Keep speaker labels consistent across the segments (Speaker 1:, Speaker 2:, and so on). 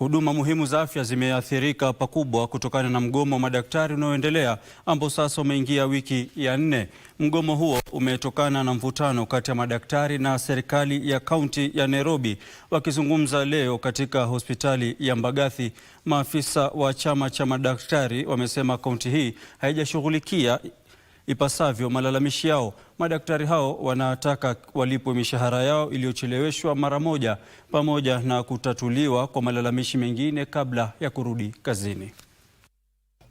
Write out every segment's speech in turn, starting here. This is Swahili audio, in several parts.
Speaker 1: Huduma muhimu za afya zimeathirika pakubwa kutokana na mgomo wa madaktari unaoendelea ambao sasa umeingia wiki ya nne. Mgomo huo umetokana na mvutano kati ya madaktari na serikali ya kaunti ya Nairobi. Wakizungumza leo katika hospitali ya Mbagathi, maafisa wa chama cha madaktari wamesema kaunti hii haijashughulikia ipasavyo malalamishi yao. Madaktari hao wanataka walipwe mishahara yao iliyocheleweshwa mara moja, pamoja na kutatuliwa kwa malalamishi mengine kabla ya kurudi kazini.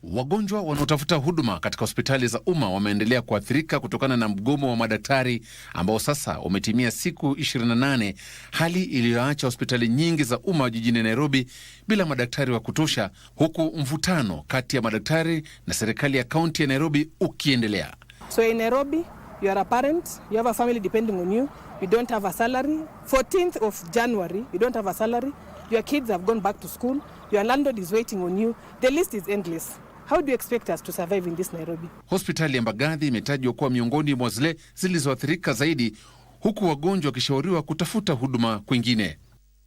Speaker 1: Wagonjwa wanaotafuta huduma katika hospitali za umma wameendelea kuathirika kutokana na mgomo wa madaktari ambao sasa umetimia siku 28, hali iliyoacha hospitali nyingi za umma jijini Nairobi bila madaktari wa kutosha, huku mvutano kati ya madaktari na serikali ya kaunti ya Nairobi ukiendelea.
Speaker 2: So in Nairobi, you are a parent, you have a family depending on you, you don't have a salary. 14th of January, you don't have a salary. Your kids have gone back to school. Your landlord is waiting on you. The list is endless. How do you expect us to survive in this Nairobi?
Speaker 1: Hospitali ya Mbagathi imetajwa kuwa miongoni mwa zile zilizoathirika zaidi huku wagonjwa wakishauriwa kutafuta huduma kwingine.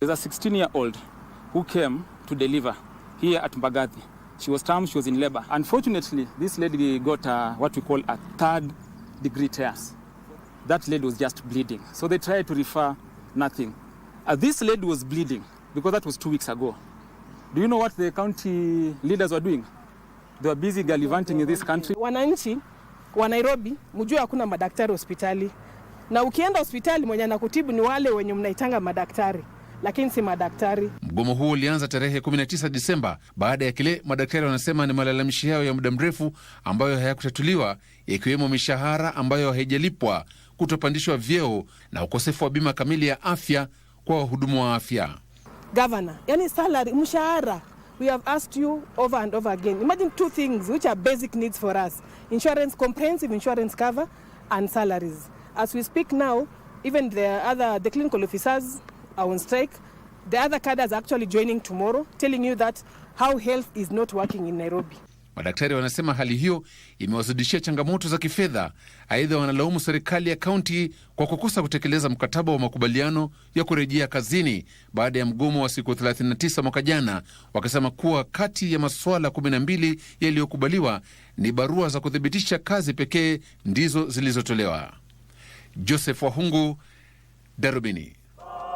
Speaker 3: There's a 16 year old who came to deliver here at Mbagathi. She was termed, she was in labor. Unfortunately, this lady got a, uh, what we call a third degree tears. That lady was just bleeding. So they tried to refer nothing. Uh, this lady was bleeding because that was two weeks ago. Do you know what the county leaders were doing? They were busy gallivanting in this country.
Speaker 4: Wananchi wa Nairobi, mjue hakuna madaktari hospitali, na ukienda hospitali mwenye anakutibu ni wale wenye mnaitanga madaktari lakini si madaktari.
Speaker 1: Mgomo huo ulianza tarehe 19 Disemba baada ya kile madaktari wanasema ni malalamishi yao ya muda mrefu ambayo hayakutatuliwa, ikiwemo mishahara ambayo haijalipwa, kutopandishwa vyeo na ukosefu wa bima kamili ya afya kwa wahudumu wa afya
Speaker 2: governor. Yani salary, mshahara. We have asked you over and over again. Imagine two things which are basic needs for us. Insurance, comprehensive insurance cover and salaries. As we speak now, even the other, the clinical officers are on strike. The other cadres are actually joining tomorrow, telling you that how health is not working in Nairobi.
Speaker 1: Madaktari wanasema hali hiyo imewazidishia changamoto za kifedha. Aidha, wanalaumu serikali ya kaunti kwa kukosa kutekeleza mkataba wa makubaliano ya kurejea kazini baada ya mgomo wa siku 39 mwaka jana, wakisema kuwa kati ya masuala 12 yaliyokubaliwa ni barua za kuthibitisha kazi pekee ndizo zilizotolewa. Joseph Wahungu, Darubini.